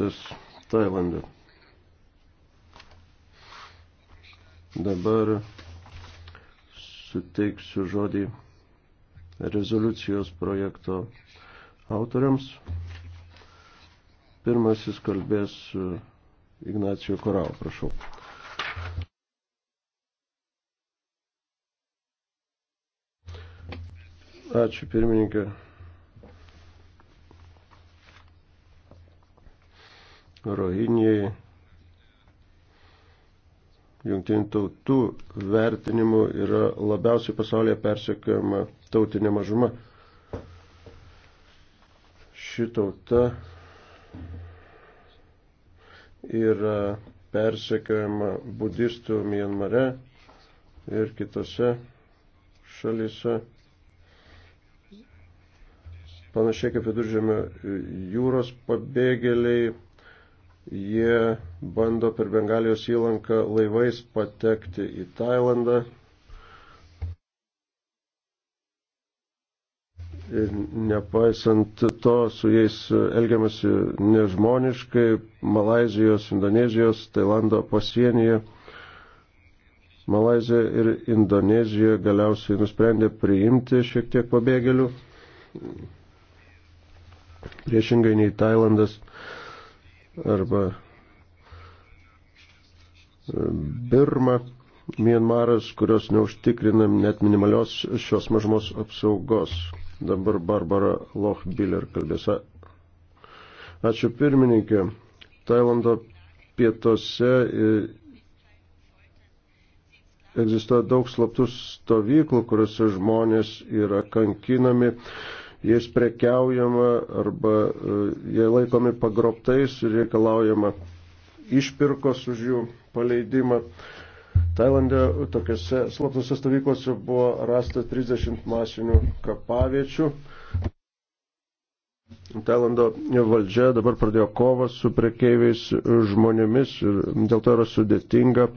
tas Tailandė. Dabar suteiksiu žodį rezoliucijos projekto autoriams. Pirmasis kalbės e, Ignacijo Korau, prašau. Ačiū pirmininkė. Rohinijai jungtinių tautų vertinimu yra labiausiai pasaulyje persekiojama tautinė mažuma. Ši tauta yra persekiojama budistų Mienmare ir kitose šalyse. Panašiai kaip viduržėmio jūros pabėgėliai Jie bando per Bengalijos įlanką laivais patekti į Tailandą. Ir nepaisant to, su jais elgiamasi nežmoniškai Malazijos, Indonezijos, Tailando pasienyje. Malazija ir Indonezija galiausiai nusprendė priimti šiek tiek pabėgėlių, priešingai nei Tailandas arba e, Birma, Mienmaras, kurios neužtikrina net minimalios šios mažumos apsaugos. Dabar Barbara Lochbiller kalbės. Ačiū pirmininkė. Tailando pietuose e, egzistuoja daug slaptų stovyklų, kuriuose žmonės yra kankinami jais prekiaujama arba e, jie laikomi pagrobtais ir reikalaujama išpirkos už jų paleidimą. Tailandė tokiuose slaptose stovyklose buvo rasta 30 masinių kapaviečių. Tailando valdžia dabar pradėjo kovą su prekeiviais žmonėmis ir dėl to yra sudėtinga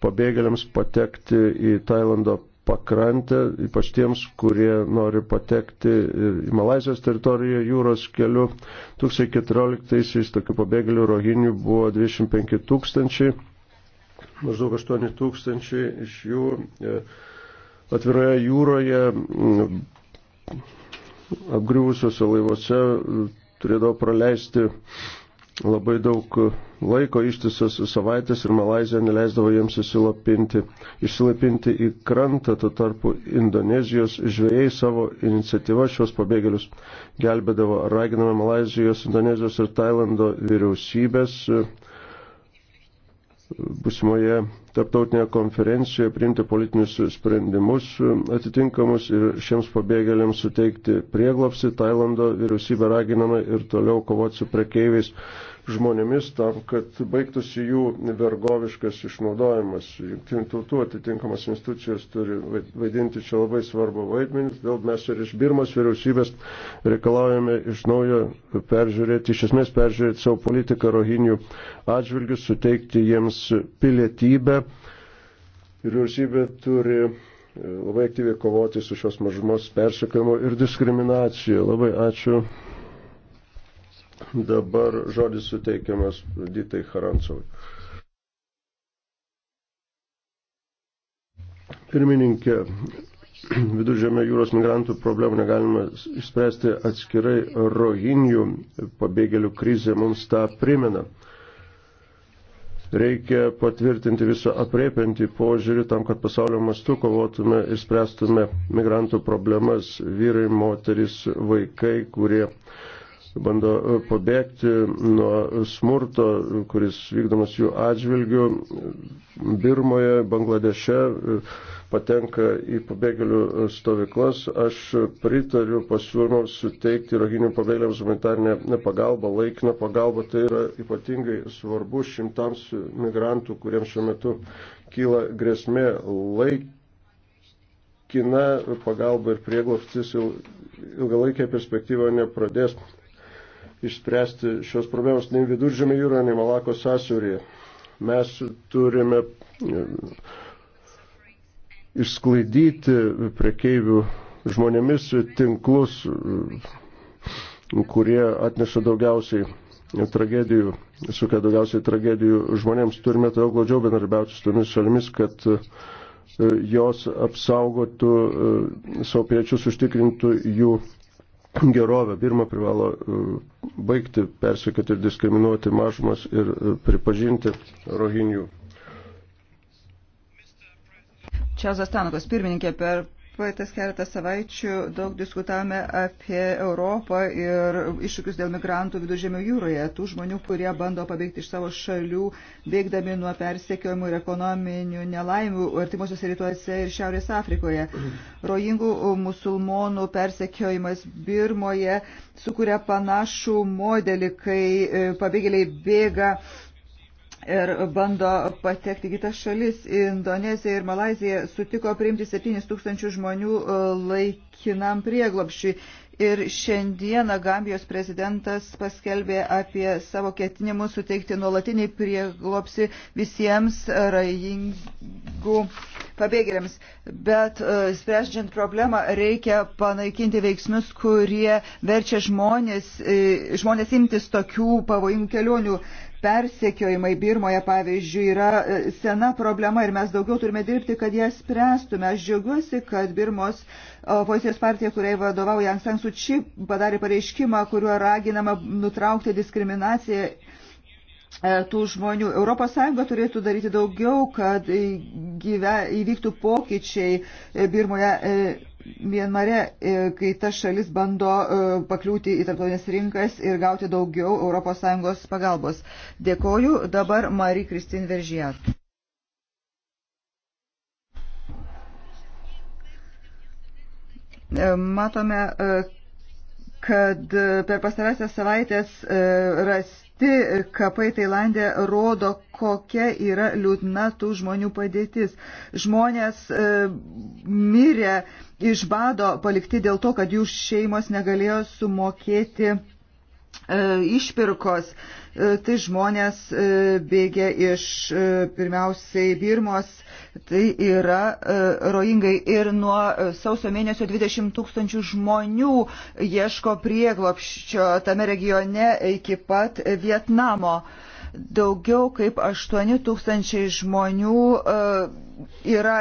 pabėgėliams patekti į Tailando pakrantę, ypač tiems, kurie nori patekti į Malazijos teritoriją jūros keliu. 2014-aisiais tokių pabėgėlių rohinių buvo 25 tūkstančiai, maždaug 8 tūkstančiai iš jų e, atviroje jūroje apgriuvusiuose laivuose turėdavo praleisti labai daug e, laiko ištisas savaitės ir Malazija neleisdavo jiems išsilapinti, išsilapinti į krantą, tuo tarpu Indonezijos žvėjai savo iniciatyvą šios pabėgėlius gelbėdavo. Raginame Malazijos, Indonezijos ir Tailando vyriausybės e, busimoje tarptautinėje konferencijoje priimti politinius sprendimus e, atitinkamus ir šiems pabėgėliams suteikti prieglopsi. Tailando vyriausybė raginama ir toliau kovoti su prekeiviais žmonėmis tam, kad baigtųsi jų vergoviškas išnaudojimas. Jungtinių tautų atitinkamas institucijos turi vaidinti čia labai svarbu vaidmenį, dėl mes ir iš Birmos vyriausybės reikalaujame iš naujo peržiūrėti, iš esmės peržiūrėti savo politiką rohinių atžvilgius, suteikti jiems pilietybę. Vyriausybė turi e, labai aktyviai kovoti su šios mažumos persekiojimu ir diskriminacija. Labai ačiū. Dabar žodis suteikiamas Ditai Harantsovai. Pirmininkė, viduržėme jūros migrantų problemų negalima išspręsti atskirai rohinių pabėgėlių krizė mums tą primena. Reikia patvirtinti visą apriepiantį požiūrį tam, kad pasaulio mastu kovotume ir spręstume migrantų problemas vyrai, moteris, vaikai, kurie bando e, pabėgti nuo smurto, kuris vykdomas jų atžvilgių. Birmoje, Bangladeše e, patenka į pabėgėlių stovyklas. Aš pritariu pasiūlymams suteikti rohinių pabėgėliams humanitarnę pagalbą, laikiną pagalbą. Tai yra ypatingai svarbu šimtams migrantų, kuriems šiuo metu kyla grėsmė laikyti laikina pagalba ir prieglobstis ilgalaikė perspektyva nepradės išspręsti šios problemos nei viduržėme jūroje, nei Malako sąsiūrėje. Mes turime e, išsklaidyti prekeivių žmonėmis tinklus, e, kurie atneša daugiausiai tragedijų, sukelia daugiausiai tragedijų žmonėms. Turime todėl glaudžiau bendarbiauti su tomis šalimis, kad e, jos apsaugotų savo piečius, užtikrintų jų gerovę. Birma privalo e, baigti persikėti ir diskriminuoti mažumas ir e, pripažinti rohinių. Čia Zastanukas pirmininkė per Praeitas keletą savaičių daug diskutavome apie Europą ir iššūkius dėl migrantų viduržėmio jūroje, tų žmonių, kurie bando pabėgti iš savo šalių, bėgdami nuo persekiojimų ir ekonominių nelaimių artimuosiuose rytuose ir Šiaurės Afrikoje. Rojingų musulmonų persekiojimas Birmoje sukuria panašų modelį, kai pabėgėliai bėga ir bando patekti kitas šalis. Indonezija ir Malazija sutiko priimti 7 tūkstančių žmonių e, laikinam prieglopšiui. Ir šiandieną Gambijos prezidentas paskelbė apie savo ketinimus suteikti nuolatinį prieglopsi visiems rajingų pabėgėliams. Bet e, sprendžiant problemą reikia panaikinti veiksmus, kurie verčia žmonės, e, žmonės imtis tokių pavojingų kelionių persekiojimai Birmoje, pavyzdžiui, yra e, sena problema ir mes daugiau turime dirbti, kad ją spręstume. Aš džiaugiuosi, kad Birmos opozicijos partija, kuriai vadovauja Anksan Suči, padarė pareiškimą, kuriuo raginama nutraukti diskriminaciją e, tų žmonių. ES turėtų daryti daugiau, kad gyve, įvyktų pokyčiai e, Birmoje Mienmare, e, kai ta šalis bando e, pakliūti į tarptautinės rinkas ir gauti daugiau ES pagalbos. Dėkoju dabar Marie Kristin Veržijat. E, matome, kad per pastarąsias savaitės rasti Paversti kapai Tailandė rodo, kokia yra liūdna tų žmonių padėtis. Žmonės e, mirė iš bado palikti dėl to, kad jų šeimos negalėjo sumokėti E, išpirkos. E, tai žmonės e, bėgė iš pirmiausiai Birmos, tai yra rojingai ir nuo sausio mėnesio 20 tūkstančių žmonių ieško prieglopščio tame regione iki pat Vietnamo. Daugiau kaip 8 tūkstančiai žmonių yra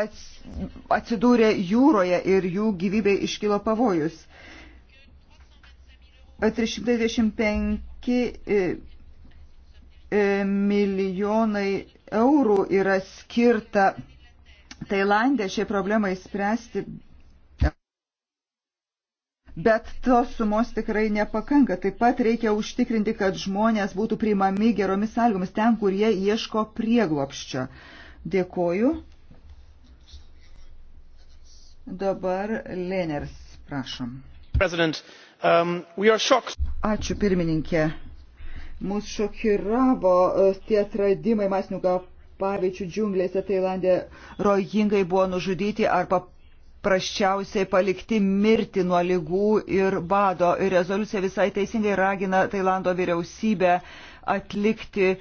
atsidūrę jūroje ir jų gyvybei iškilo pavojus. 325 e, e, milijonai eurų yra skirta Tailandė šiai problemai spręsti, bet tos sumos tikrai nepakanka. Taip pat reikia užtikrinti, kad žmonės būtų priimami geromis sąlygomis ten, kur jie ieško prieglopščio. Dėkoju. Dabar Leners, prašom. President, uh, Um, Ačiū pirmininkė. Mūsų šokiravo e, tie atradimai masinių pavyzdžių džiunglėse Tailandė. Rojingai buvo nužudyti arba prasčiausiai palikti mirti nuo lygų ir bado. Ir rezoliucija visai teisingai ragina Tailando vyriausybę atlikti e,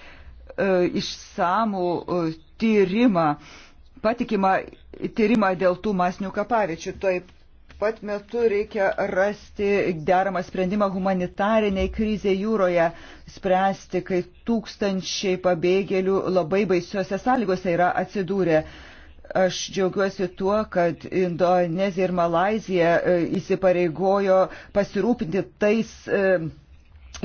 išsamų e, tyrimą, patikimą tyrimą dėl tų masinių kapavičių. Taip pat metu reikia rasti deramą sprendimą humanitariniai krizė jūroje spręsti, kai tūkstančiai pabėgėlių labai baisiuose sąlygose yra atsidūrę. Aš džiaugiuosi tuo, kad Indonezija ir Malazija e, įsipareigojo pasirūpinti tais e,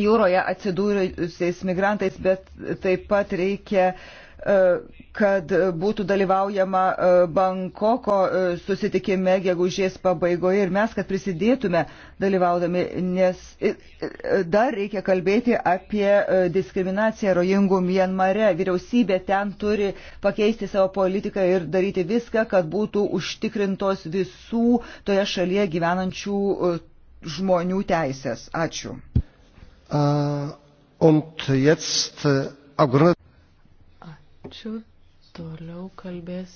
jūroje atsidūrusiais migrantais, bet taip pat reikia uh, E, kad būtų dalyvaujama e, Bankoko e, susitikime gegužės pabaigoje ir mes, kad prisidėtume dalyvaudami, nes dar reikia kalbėti apie diskriminaciją rojingų Mienmare. Vyriausybė ten turi pakeisti savo politiką ir daryti viską, kad būtų užtikrintos visų toje šalyje gyvenančių žmonių teisės. Ačiū. Uh, und jetzt, uh, Ačiū. Toliau kalbės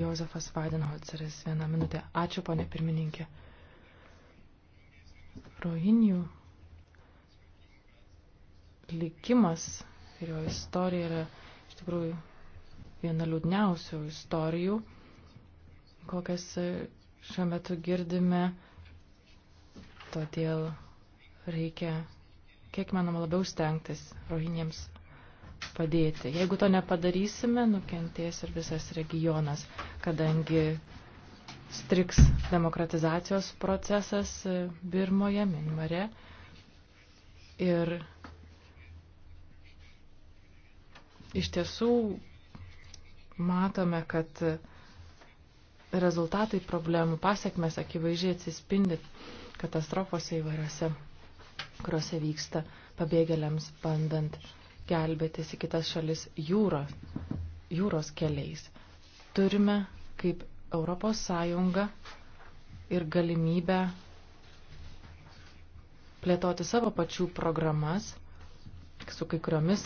Jozefas Weidenholzeris. Vieną minutę. Ačiū, ponė pirmininkė. Rohinių likimas ir jo istorija yra iš tikrųjų viena liūdniausių istorijų, kokias šiuo metu girdime, todėl reikia kiek manoma labiau stengtis rohiniems padėti. Jeigu to nepadarysime, nukentės ir visas regionas, kadangi striks demokratizacijos procesas Birmoje, Minmare. Ir iš tiesų matome, kad rezultatai problemų pasiekmes akivaizdžiai atsispindi katastrofose įvairiose, kuriuose vyksta pabėgėliams bandant gelbėtis į kitas šalis jūros, jūros keliais. Turime kaip Europos Sąjunga ir galimybę plėtoti savo pačių programas su kai kuriomis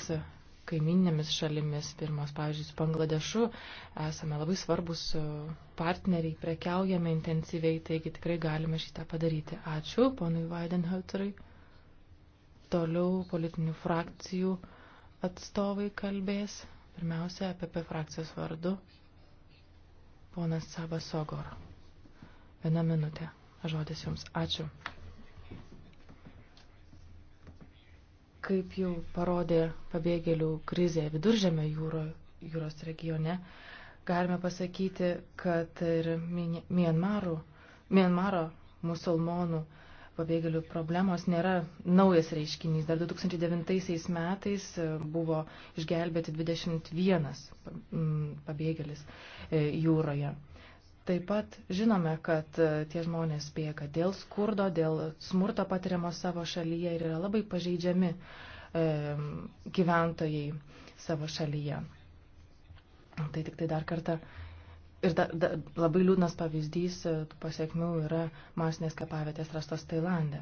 kaiminėmis šalimis. Pirmas, pavyzdžiui, su Bangladešu esame labai svarbus e, partneriai, prekiaujame intensyviai, taigi tikrai galime šitą padaryti. Ačiū ponui Weidenhauterui. Toliau politinių frakcijų atstovai kalbės. Pirmiausia, APP frakcijos vardu ponas Savas Sogor. Viena minutė. Žodis jums. Ačiū. Kaip jau parodė pabėgėlių krizė viduržėme jūro, jūros regione, galime pasakyti, kad ir Mienmarų, Mienmaro musulmonų uh, pabėgėlių problemos nėra naujas reiškinys. Dar 2009 metais e, buvo išgelbėti 21 pabėgėlis e, jūroje. Taip pat žinome, kad e, tie žmonės bėga dėl skurdo, dėl smurto patiriamo savo šalyje ir yra labai pažeidžiami e, gyventojai savo šalyje. Tai tik tai dar kartą Ir da, da, labai liūdnas pavyzdys e, tų pasiekmių yra masinės kapavietės rastos Tailandė.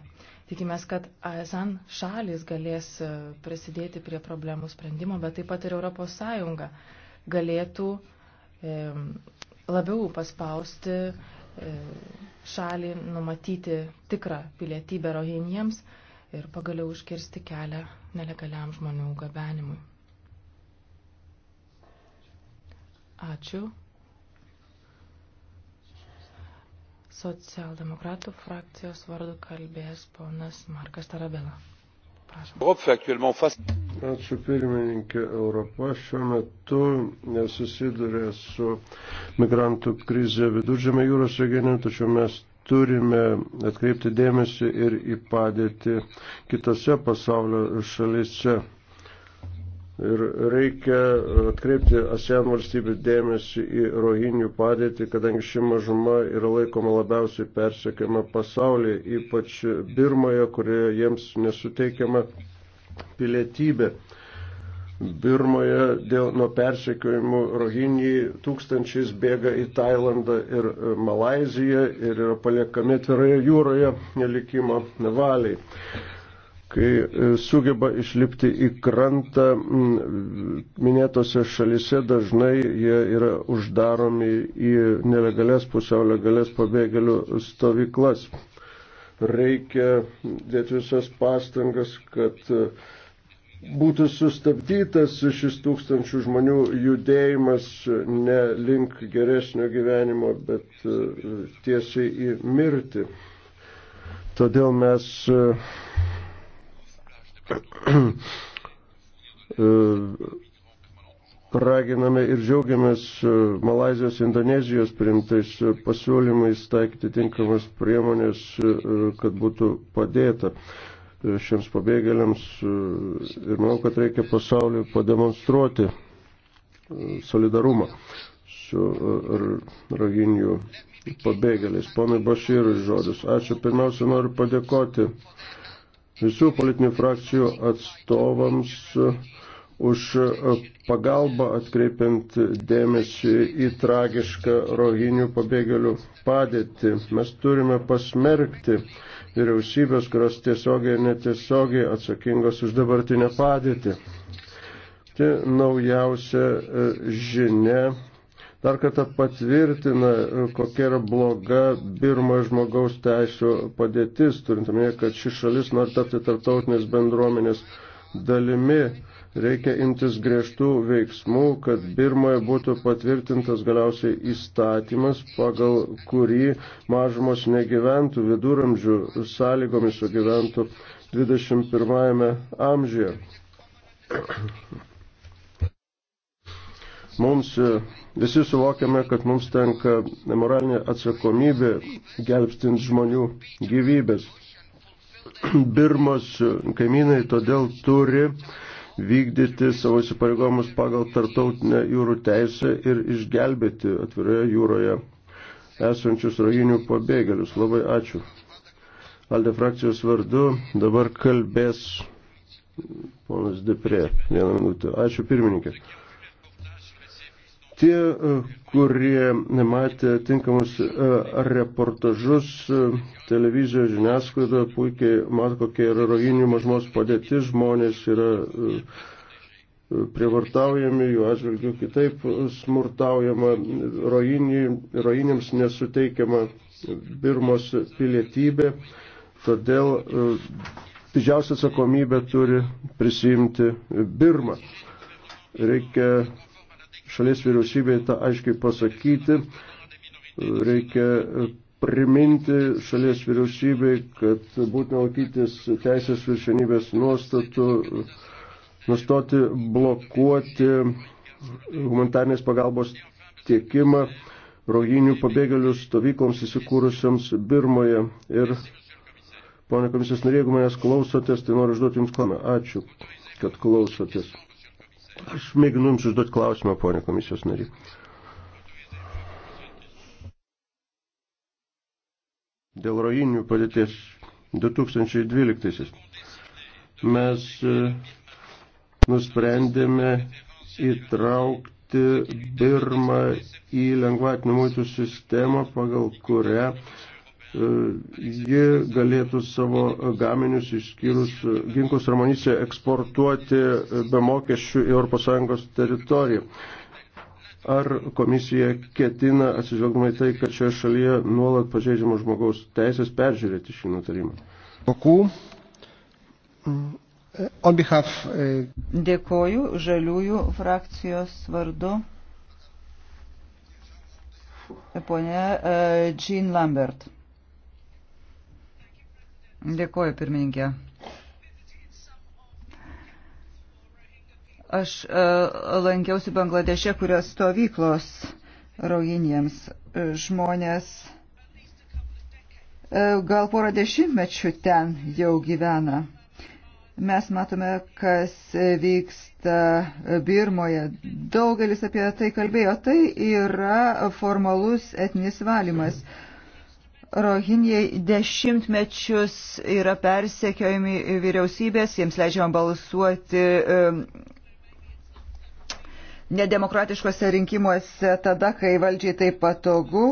Tikimės, kad ASEAN šalis galės e, prisidėti prie problemų sprendimo, bet taip pat ir ES galėtų e, labiau paspausti e, šalį, numatyti tikrą pilietybę rohinjiems ir pagaliau užkirsti kelią nelegaliam žmonių gabenimui. Ačiū. Socialdemokratų frakcijos vardu kalbės ponas Markas Tarabela. Prašom. Ačiū pirmininkė. Europa šiuo metu susiduria su migrantų krize viduržėme jūros regione, tačiau mes turime atkreipti dėmesį ir į padėtį kitose pasaulio šalyse. Ir reikia atkreipti ASEAN valstybių dėmesį į rohinių padėtį, kadangi ši mažuma yra laikoma labiausiai persiekiama pasaulyje, ypač Birmoje, kurioje jiems nesuteikiama pilietybė. Birmoje dėl nuo persiekiojimų rohiniai tūkstančiais bėga į Tailandą ir Malaziją ir yra paliekami atviroje jūroje likimo valiai kai e, sugeba išlipti į krantą minėtose šalise, dažnai jie yra uždaromi į nelegales, pusiau legales pabėgėlių stovyklas. Reikia dėti visas pastangas, kad e, būtų sustabdytas šis tūkstančių žmonių judėjimas ne link geresnio gyvenimo, bet e, tiesiai į mirtį. Todėl mes raginame ir džiaugiamės e, Malazijos, Indonezijos primtais e, pasiūlymais taikyti tinkamas priemonės, e, kad būtų padėta šiems pabėgėliams ir manau, kad reikia pasauliu pademonstruoti solidarumą su raginių pabėgėliais. Ponai Bašyrui žodis. Ačiū. Pirmiausia, noriu padėkoti visų politinių frakcijų atstovams uh, už uh, pagalbą atkreipiant dėmesį į tragišką rohinių pabėgėlių padėtį. Mes turime pasmerkti vyriausybės, kurios tiesiogiai ir netiesiogiai atsakingos už dabartinę padėtį. Tai naujausia uh, žinia dar kartą patvirtina, kokia yra bloga Birmo žmogaus teisų padėtis, turint omenyje, kad ši šalis nori tapti tarptautinės bendruomenės dalimi. Reikia imtis griežtų veiksmų, kad Birmoje būtų patvirtintas galiausiai įstatymas, pagal kurį mažumos negyventų viduramžių sąlygomis, o gyventų 21 amžiuje. Mums Visi suvokiame, kad mums tenka moralinė atsakomybė gelbstint žmonių gyvybės. Birmos kaimynai todėl turi vykdyti savo įsipareigojimus pagal tartautinę jūrų teisę ir išgelbėti atviroje jūroje esančius rajinių pabėgėlius. Labai ačiū. Alde frakcijos vardu dabar kalbės ponas Deprė. Vieną minutę. Ačiū pirmininkė. Tie, e, kurie matė tinkamus e, reportažus e, televizijos žiniasklaidoje, puikiai mato, kokia yra roginių mažmos padėtis, žmonės yra prievartaujami, jų atžvilgių kitaip smurtaujama, rojinėms nesuteikiama Birmos pilietybė, todėl didžiausią atsakomybę turi prisimti Birma. Reikia šalies vyriausybei tą aiškiai pasakyti. Reikia priminti šalies vyriausybei, kad būtina laikytis teisės viršenybės nuostatų, nustoti blokuoti humanitarnės pagalbos tiekimą rojinių pabėgėlių stovykloms įsikūrusiams Birmoje. Ir, ponė komisijos narė, jeigu manęs klausotės, tai noriu užduoti Jums klausimą. Ačiū, kad klausotės. Aš mėginu Jums užduoti klausimą, ponė komisijos nariai. Dėl rojinių padėties 2012 mes e, nusprendėme įtraukti Birmą į lengvatinių muitų sistemą, pagal kurią E, ji galėtų savo gaminius išskyrus ginklus ir amuniciją eksportuoti be mokesčių į ES teritoriją. Ar komisija ketina, atsižvelgdama į tai, kad šioje šalyje nuolat pažeidžiamo žmogaus teisės peržiūrėti šį nutarimą? E, Dėkoju žaliųjų frakcijos vardu. Pone e, Jean Lambert. Dėkuoju, pirmininkė. Aš e, lankiausi Bangladeše, kurios stovyklos raujiniems e, žmonės e, gal porą dešimtmečių ten jau gyvena. Mes matome, kas vyksta Birmoje. Daugelis apie tai kalbėjo. Tai yra formalus etnis valymas. Mm Rohinjai dešimtmečius yra persekiojami vyriausybės, jiems leidžiama balsuoti nedemokratiškose rinkimuose tada, kai valdžiai taip patogu.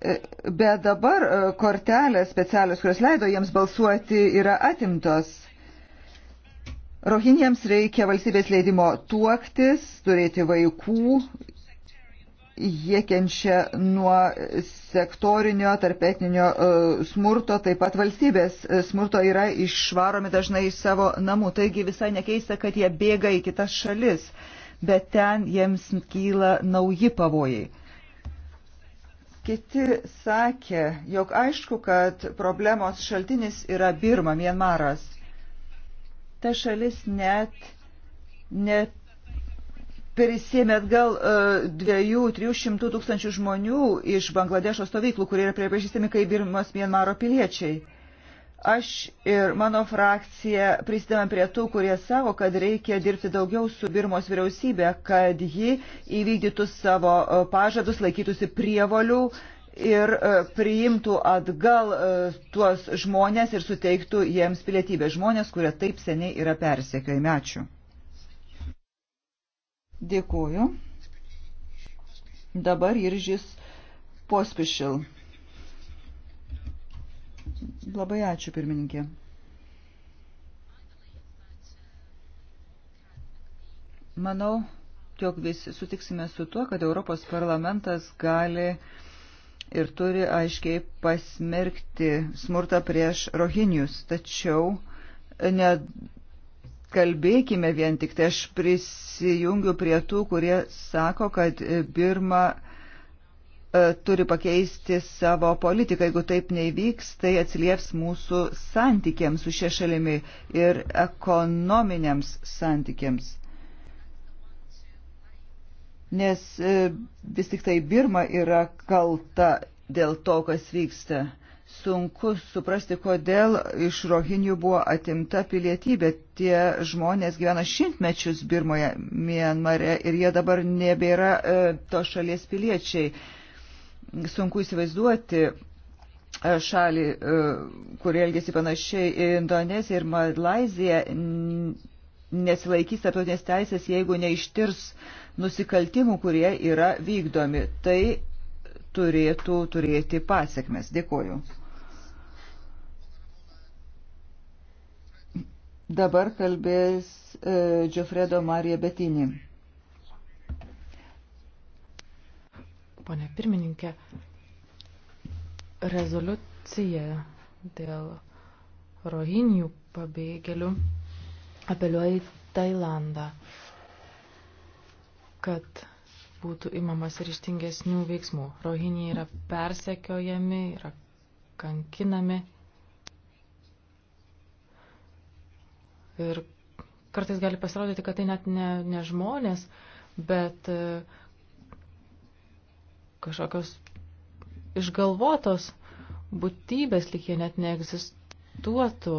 E, bet dabar e, kortelės specialios, kurios leido jiems balsuoti, yra atimtos. Rohinjams reikia valstybės leidimo tuoktis, turėti vaikų jie kenčia nuo sektorinio, tarpetninio e, smurto, taip pat valstybės e, smurto yra išvaromi dažnai iš savo namų. Taigi visai nekeista, kad jie bėga į kitas šalis, bet ten jiems kyla nauji pavojai. Kiti sakė, jog aišku, kad problemos šaltinis yra Birma, Mienmaras. Ta šalis net net prisėmė atgal e, dviejų, trijų šimtų tūkstančių žmonių iš Bangladešo stovyklų, kurie yra pripažįstami kaip Birmos Mienmaro piliečiai. Aš ir mano frakcija prisidėmėm prie tų, kurie savo, kad reikia dirbti daugiau su Birmos vyriausybė, kad ji įvykdytų savo e, pažadus, laikytųsi prievolių ir e, priimtų atgal tuos žmonės ir suteiktų jiems pilietybę. Žmonės, kurie taip seniai yra persekiojami. Ačiū. Dėkuoju. Dabar Iržis Pospišil. Labai ačiū, pirmininkė. Manau, jog visi sutiksime su tuo, kad Europos parlamentas gali ir turi aiškiai pasmerkti smurtą prieš rohinius. Tačiau ne, kalbėkime vien tik tai. Aš prisijungiu prie tų, kurie sako, kad Birma e, turi pakeisti savo politiką. Jeigu taip nevyks, tai atsilieps mūsų santykiams su šia šalimi ir ekonominiams santykiams. Nes e, vis tik tai Birma yra kalta dėl to, kas vyksta sunku suprasti, kodėl iš rohinių buvo atimta pilietybė. Tie žmonės gyvena šimtmečius Birmoje, Mienmare ir jie dabar nebėra e, to šalies piliečiai. Sunku įsivaizduoti e, šalį, e, kurie elgesi panašiai į Indoneziją ir Malaiziją, nesilaikys tarptautinės teisės, jeigu neištirs nusikaltimų, kurie yra vykdomi. Tai turėtų turėti pasiekmes. Dėkuoju. Dabar kalbės e, Džofredo Marija Betinį. Pone pirmininkė, rezoliucija dėl rohinių pabėgėlių apeliuoja į Tailandą, kad būtų imamas ryštingesnių veiksmų. Rohiniai yra persekiojami, yra kankinami Ir kartais gali pasirodyti, kad tai net ne, ne žmonės, bet e, kažkokios išgalvotos būtybės lyg jie net neegzistuotų.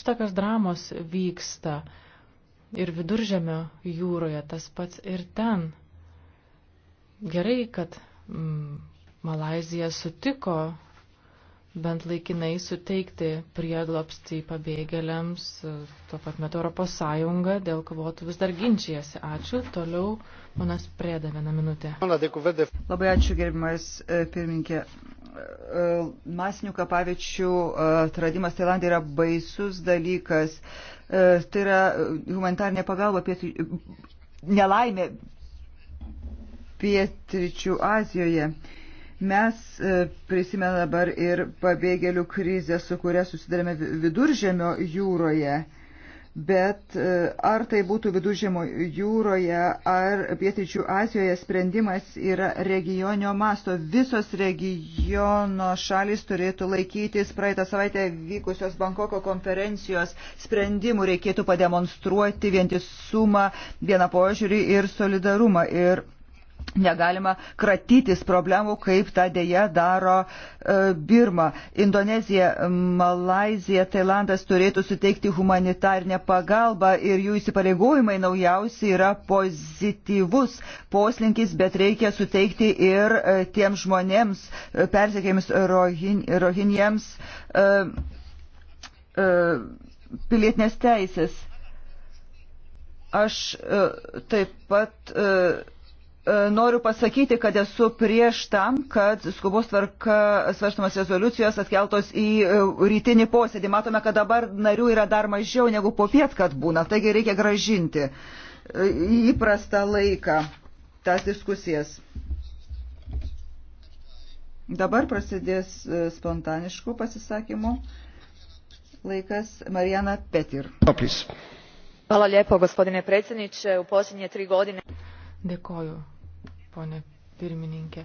Šitokios dramos vyksta ir viduržėmio jūroje, tas pats ir ten. Gerai, kad mm, Malazija sutiko bent laikinai suteikti prieglopstį pabėgėliams, tuo pat metu Europos Sąjunga dėl kvotų vis dar ginčijasi. Ačiū. Toliau manas prėda vieną minutę. Labai ačiū, gerbimas e, pirminkė. E, masinių kapavičių e, atradimas Tailandė yra baisus dalykas. Tai yra humanitarnė pagalba pietų... nelaimė pietričių Azijoje. Mes e, prisimena dabar ir pabėgėlių krizę, su kuria susidarėme viduržėmio jūroje. Bet e, ar tai būtų viduržėmo jūroje ar pietryčių Azijoje sprendimas yra regioninio masto. Visos regiono šalis turėtų laikytis praeitą savaitę vykusios Bankoko konferencijos sprendimų. Reikėtų pademonstruoti vientisumą, vieną požiūrį ir solidarumą. Ir negalima kratytis problemų, kaip tą dėja daro e, Birma. Indonezija, Malazija, Tailandas turėtų suteikti humanitarnę pagalbą ir jų įsipareigojimai naujausi yra pozityvus poslinkis, bet reikia suteikti ir e, tiem žmonėms, e, persekėjams rohiniems pilietinės teisės. Aš taip pat E, noriu pasakyti, kad esu prieš tam, kad skubos tvarka svarstamas rezoliucijos atkeltos į e, rytinį posėdį. Matome, kad dabar narių yra dar mažiau negu popiet, kad būna. Taigi reikia gražinti į e, įprastą laiką tas diskusijas. Dabar prasidės spontaniškų pasisakymų laikas. Marijana Petir. Hvala lijepo, gospodine predsjedniče. U posljednje tri godine... Dėkoju, ponė pirmininkė.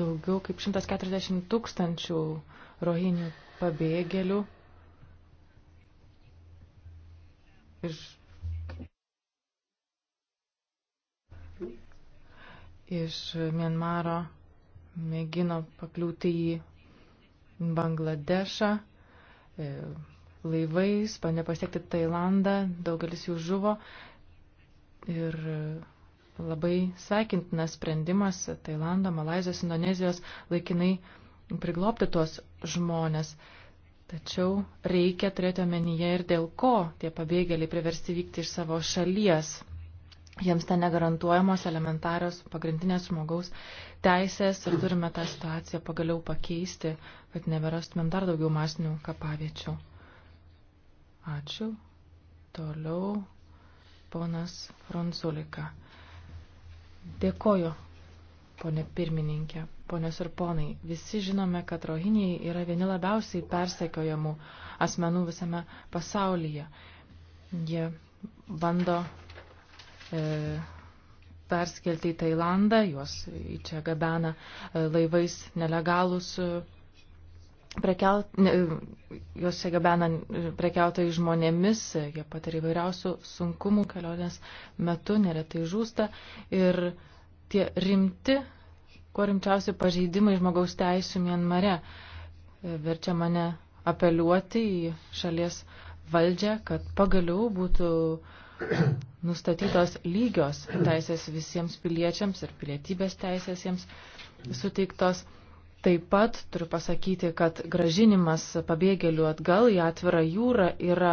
Daugiau kaip 140 tūkstančių rohinių pabėgėlių iš iš Mienmaro mėgino pakliūti į Bangladešą e, laivais, bandė pasiekti Tailandą, daugelis jų žuvo ir labai sveikintinas sprendimas Tailando, Malazijos, Indonezijos laikinai priglopti tuos žmonės. Tačiau reikia turėti omenyje ir dėl ko tie pabėgėliai priversti vykti iš savo šalies. Jiems ten negarantuojamos elementarios pagrindinės žmogaus teisės ir turime tą situaciją pagaliau pakeisti, kad neberastumėm dar daugiau masinių kapaviečių. Ačiū. Toliau ponas Fronzulika. Dėkoju, ponė pirmininkė, ponios ir ponai. Visi žinome, kad rohiniai yra vieni labiausiai persekiojamų asmenų visame pasaulyje. Jie bando e, perskelti į Tailandą, juos į čia gabena e, laivais nelegalus prekiaut, ne, juos gabena e, prekiautai žmonėmis, e, jie patiria įvairiausių sunkumų kelionės metu, neretai žūsta. Ir tie rimti, kuo rimčiausi pažeidimai žmogaus teisų Mienmare e, verčia mane apeliuoti į šalies valdžią, kad pagaliau būtų nustatytos lygios teisės visiems piliečiams ir pilietybės teisės jiems suteiktos. Taip pat turiu pasakyti, kad gražinimas pabėgėlių atgal į atvirą jūrą yra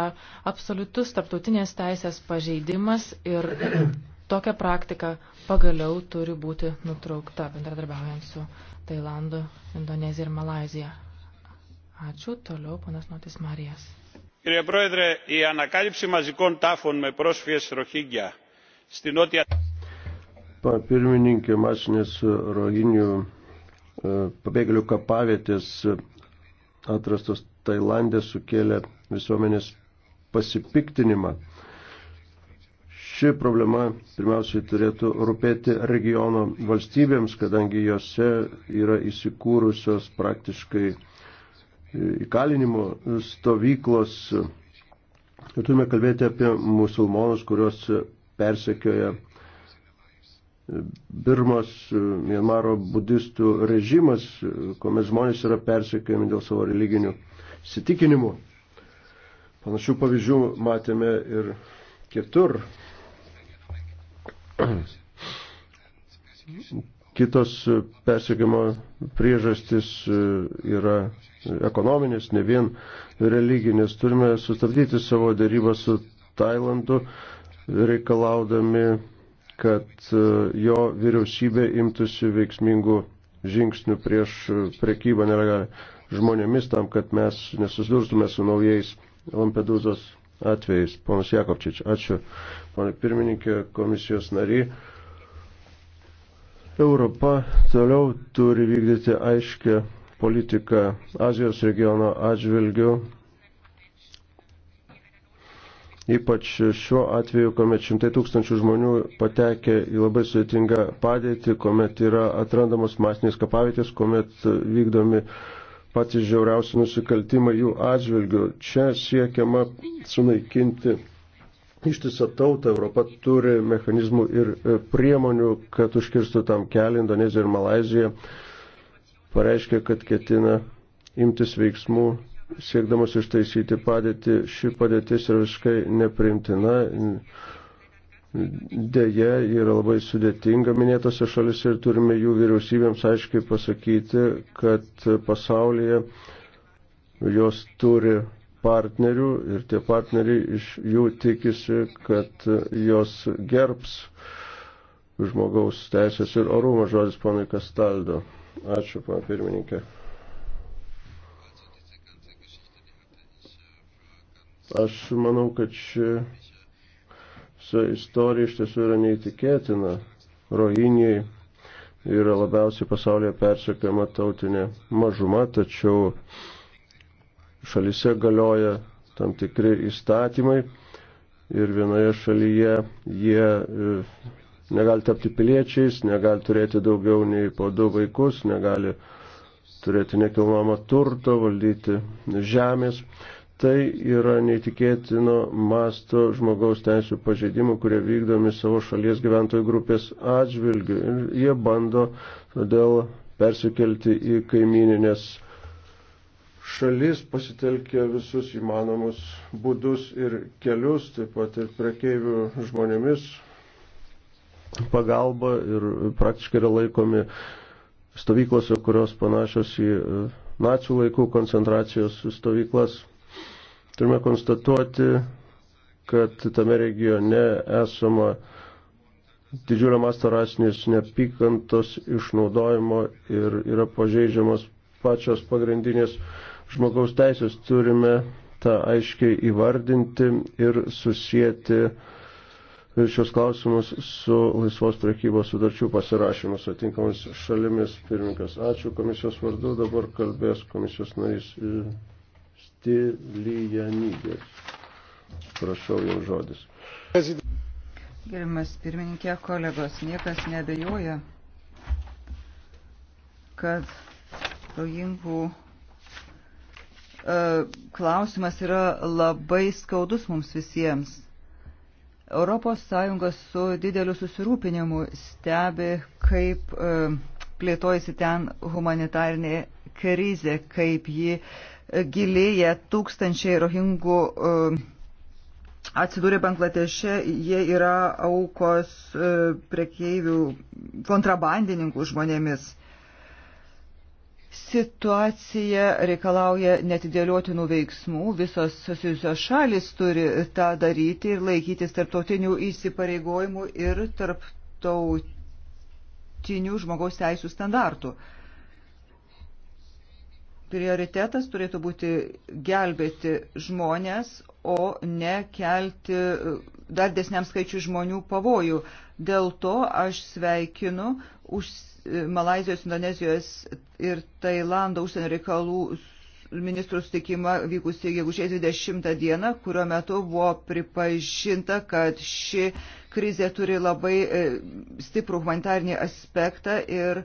absoliutus tarptautinės teisės pažeidimas ir tokia praktika pagaliau turi būti nutraukta, bendradarbiaujant su Tailandu, Indonezija ir Malazija. Ačiū, toliau panas Notis Marijas. Κύριε Πρόεδρε, η ανακάλυψη μαζικών τάφων με πρόσφυγες Ροχίγια στην νότια... Πα, πυρμininkė, masinės rohinių pabėgėlių kapavietės atrastos Tailandė sukėlė visuomenės pasipiktinimą. Ši problema pirmiausiai turėtų rūpėti regiono valstybėms, kadangi jose yra įsikūrusios praktiškai įkalinimo stovyklos. Ir turime kalbėti apie musulmonus, kurios persekioja Birmos, e, Mienmaro budistų režimas, e, kuomet žmonės yra persekiojami dėl savo religinių įsitikinimų. Panašių pavyzdžių matėme ir kitur. Kitos persekiojimo priežastis e, yra ekonominės, ne vien religinės. Turime sustabdyti savo darybą su Tailandu, reikalaudami kad e, jo vyriausybė imtųsi veiksmingų žingsnių prieš prekybą nelegalią žmonėmis tam, kad mes nesusidurstume su naujais Lampedūzos atvejais. Ponas Jakovčič, ačiū, ponė pirmininkė, komisijos nariai. Europa toliau turi vykdyti aiškę politiką Azijos regiono atžvilgių Ypač šiuo atveju, kuomet šimtai tūkstančių žmonių patekė į labai sudėtingą padėtį, kuomet yra atrandamos masinės kapavietės, kuomet vykdomi patys žiauriausi nusikaltimai jų atžvilgių. Čia siekiama sunaikinti ištisą tautą, Europa turi mechanizmų ir e, priemonių, kad užkirstų tam kelią Indonezija ir Malazija. Pareiškia, kad ketina imtis veiksmų siekdamas ištaisyti padėtį. Ši padėtis yra visiškai neprimtina. Deja, yra labai sudėtinga minėtose šalise ir turime jų vyriausybėms aiškiai pasakyti, kad pasaulyje jos turi partnerių ir tie partneriai iš jų tikisi, kad jos gerbs žmogaus teisės ir orumo žodis ponai Kastaldo. Ačiū, pana pirmininkė. Aš manau, kad ši istorija iš tiesų yra neįtikėtina. Rohinijai yra labiausiai pasaulyje persekiojama tautinė mažuma, tačiau šalise galioja tam tikri įstatymai ir vienoje šalyje jie e, negali tapti piliečiais, negali turėti daugiau nei po du vaikus, negali turėti nekilnojamą turto, valdyti žemės. Tai yra neįtikėtino masto žmogaus teisų pažeidimų, kurie vykdomi savo šalies gyventojų grupės atžvilgių. Ir jie bando todėl persikelti į kaimininės šalis, pasitelkia visus įmanomus būdus ir kelius, taip pat ir prekeivių žmonėmis pagalba ir praktiškai yra laikomi stovyklose, kurios panašios į e, nacijų laikų koncentracijos stovyklas. Turime konstatuoti, kad tame regione esama didžiulio masto rasinės neapykantos išnaudojimo ir yra pažeidžiamas pačios pagrindinės žmogaus teisės. Turime tą aiškiai įvardinti ir susijęti šios klausimus su laisvos prekybos sudarčių pasirašymus atinkamus šalimis. Pirmininkas, ačiū komisijos vardu, dabar kalbės komisijos narys Stylijanydės. Prašau jau žodis. Gerimas pirmininkė, kolegos, niekas nebejoja, kad rojingų e, klausimas yra labai skaudus mums visiems. ES su dideliu susirūpinimu stebi, kaip e, plėtojasi ten humanitarinė krizė, kaip ji uh, gilėja tūkstančiai rohingų e, atsidūrė Bangladeše, jie yra aukos e, prekeivių, kontrabandininkų žmonėmis. Situacija reikalauja netidėliotinų veiksmų, visos susijusios šalis turi tą daryti ir laikytis tarptautinių įsipareigojimų ir tarptautinių žmogaus teisų standartų. Uh, prioritetas turėtų būti gelbėti žmonės, o ne kelti e, dar desniam skaičiu žmonių pavojų. Dėl to aš sveikinu už e, Malazijos, Indonezijos ir Tailando užsienio reikalų ministrų sutikimą vykusį gegužės 20 dieną, kurio metu buvo pripažinta, kad ši krizė turi labai e, stiprų humanitarnį aspektą ir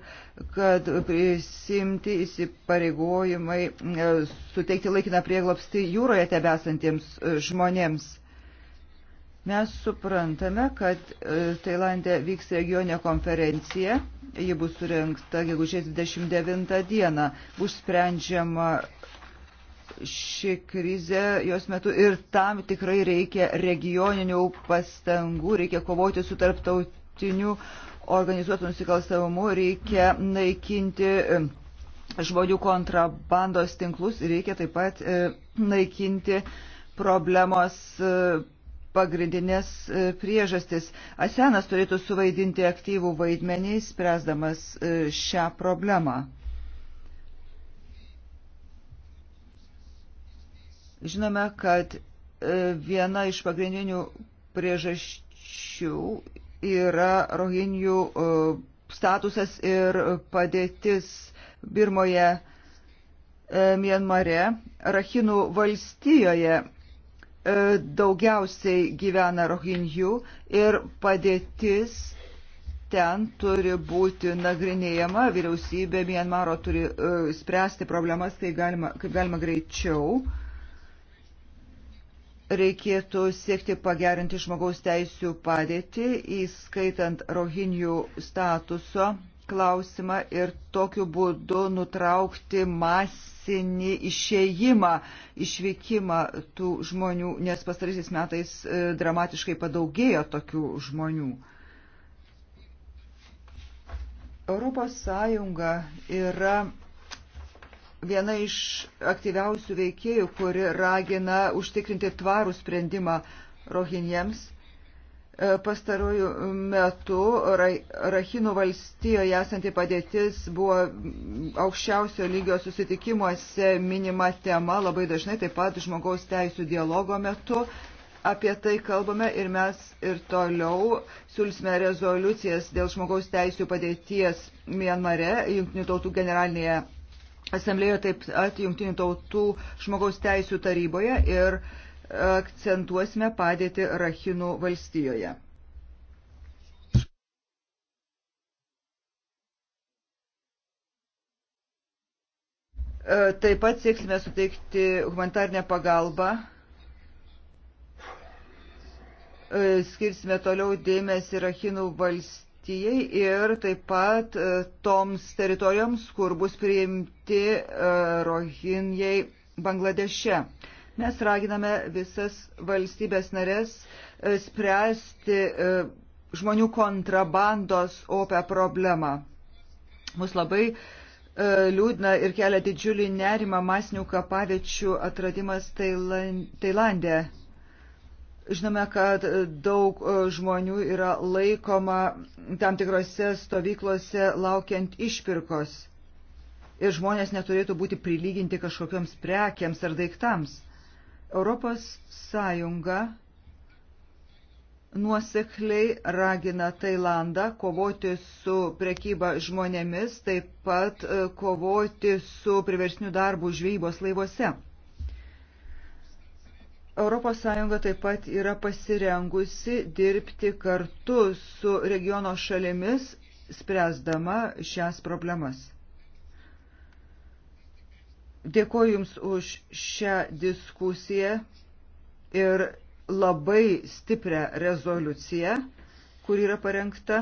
kad prisimti įsipareigojimai e, suteikti laikiną prieglopstį jūroje tebesantiems e, žmonėms. Mes suprantame, kad Tailandė vyks regionė konferencija, ji bus surinkta gegužės 29 dieną, bus sprendžiama ši krizė jos metu ir tam tikrai reikia regioninių pastangų, reikia kovoti su tarptautiniu organizuotų nusikalstamumu, reikia naikinti e, žmonių kontrabandos tinklus ir reikia taip pat e, naikinti problemos e, pagrindinės priežastis. ASEANas turėtų suvaidinti aktyvų vaidmenį, spręsdamas šią problemą. Žinome, kad e, viena iš pagrindinių priežasčių yra rohinių e, statusas ir padėtis Birmoje, e, Mienmare, Rahinų valstijoje daugiausiai gyvena rohinjų ir padėtis ten turi būti nagrinėjama, vyriausybė Mienmaro turi spręsti problemas, kai galima, kaip galima greičiau. Uh, reikėtų siekti pagerinti žmogaus teisų padėtį, įskaitant rohinių statuso klausimą ir tokiu būdu nutraukti masinį išėjimą, išvykimą tų žmonių, nes pastarysiais metais e, dramatiškai padaugėjo tokių žmonių. Europos Sąjunga yra viena iš aktyviausių veikėjų, kuri ragina užtikrinti tvarų sprendimą rohinjams. E, Pastarojų metų Rahino valstijoje esanti padėtis buvo aukščiausio lygio susitikimuose minima tema labai dažnai, taip pat žmogaus teisų dialogo metu apie tai kalbame ir mes ir toliau siūlsime rezoliucijas dėl žmogaus teisų padėties Mianmare, Junktinių tautų generalinėje asamblėjoje, taip pat Junktinių tautų žmogaus teisų taryboje ir akcentuosime padėti Rahinų valstijoje. E, taip pat sieksime suteikti humanitarnę pagalbą. E, skirsime toliau dėmesį Rahinų valstijai Baltijai ir taip pat e, toms teritorijoms, kur bus priimti e, rohinjai Bangladeše. Mes raginame visas valstybės narės e, spręsti žmonių kontrabandos opę problemą. Mus labai liūdna ir kelia didžiulį nerimą masinių kapavečių atradimas Tailandė. Žinome, kad daug e, žmonių yra laikoma tam tikrose stovyklose laukiant išpirkos. Ir žmonės neturėtų būti prilyginti kažkokiams prekiams ar daiktams. Europos Sąjunga nuosekliai ragina Tailandą kovoti su prekyba žmonėmis, taip pat e, kovoti su priversniu darbu žvejybos laivuose. ES taip pat yra pasirengusi dirbti kartu su regiono šalimis, spręsdama šias problemas. Dėkuoju Jums už šią diskusiją ir labai stiprią rezoliuciją, kur yra parengta.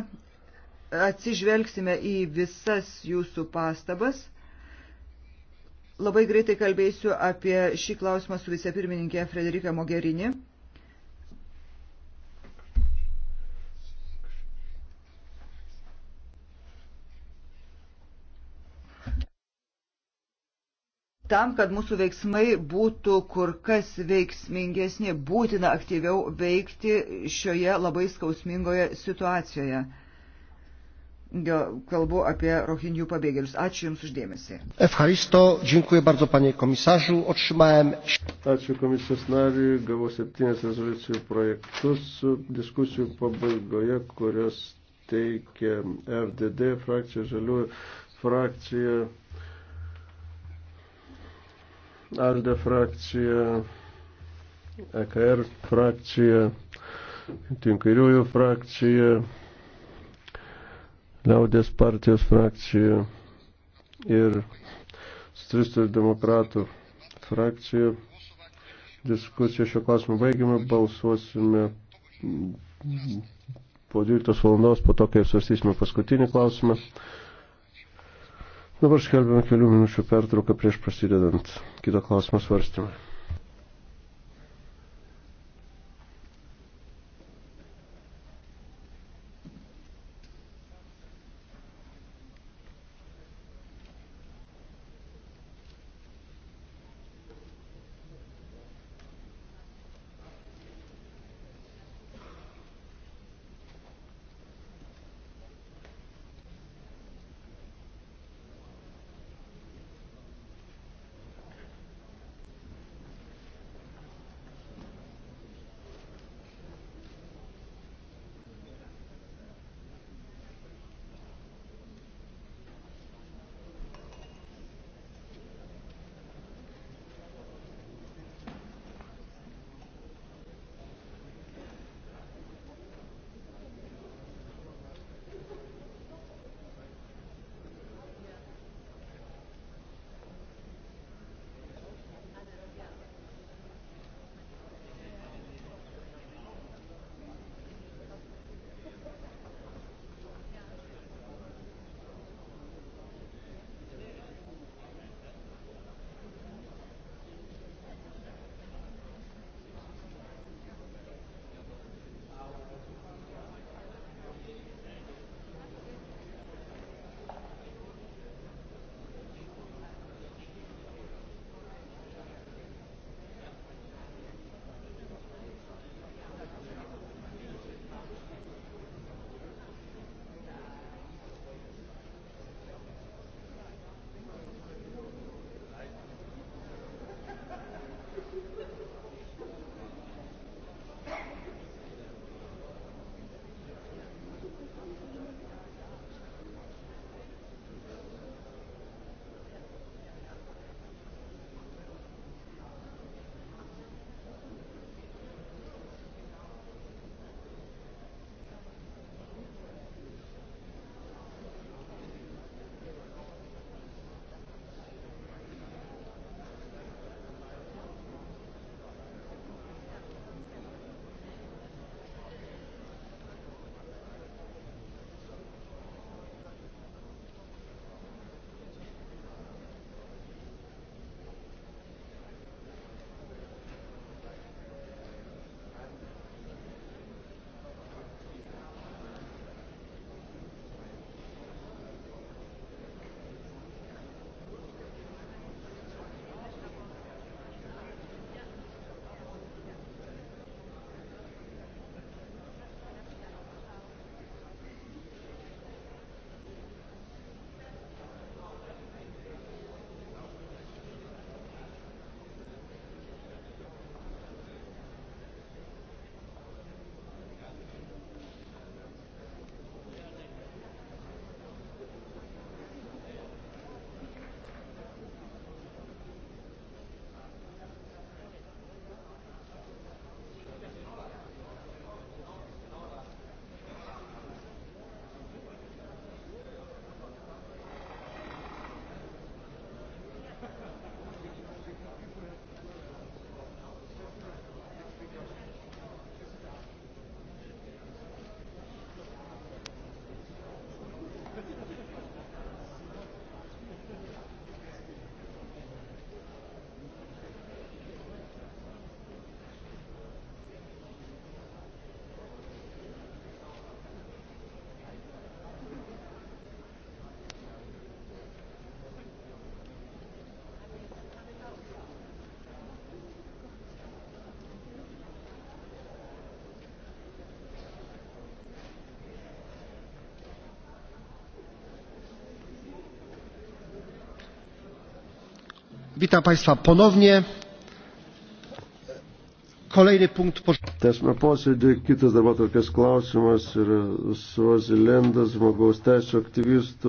Atsižvelgsime į visas Jūsų pastabas. Labai greitai kalbėsiu apie šį klausimą su vicepirmininkė Frederika Mogherini. Tam, kad mūsų veiksmai būtų kur kas veiksmingesni, būtina aktyviau veikti šioje labai skausmingoje situacijoje kalbu apie rohinių pabėgėlius. Ačiū Jums uždėmesi. Efharisto, dziękuję bardzo panie komisarzu. Otrzymałem... Ačiū komisijos nariui, gavau septynės rezoliucijų projektus diskusijų pabaigoje, kurias teikia FDD frakcija, žaliųjų frakcija, ALDE frakcija, EKR frakcija, tinkairiųjų frakcija liaudės partijos frakcijoje ir stristų ir demokratų frakcijoje. Diskusiją šio klausimo baigime, balsuosime po 12 valandos, po to, kai svarstysime paskutinį klausimą. Dabar skelbime kelių minučių pertrauką prieš prasidedant kito klausimo svarstymą. witam państwa ponownie kolejny punkt tęsiame posėdį kitas darbotvarkės klausimas yra suazilendas žmogaus teisių aktyvistų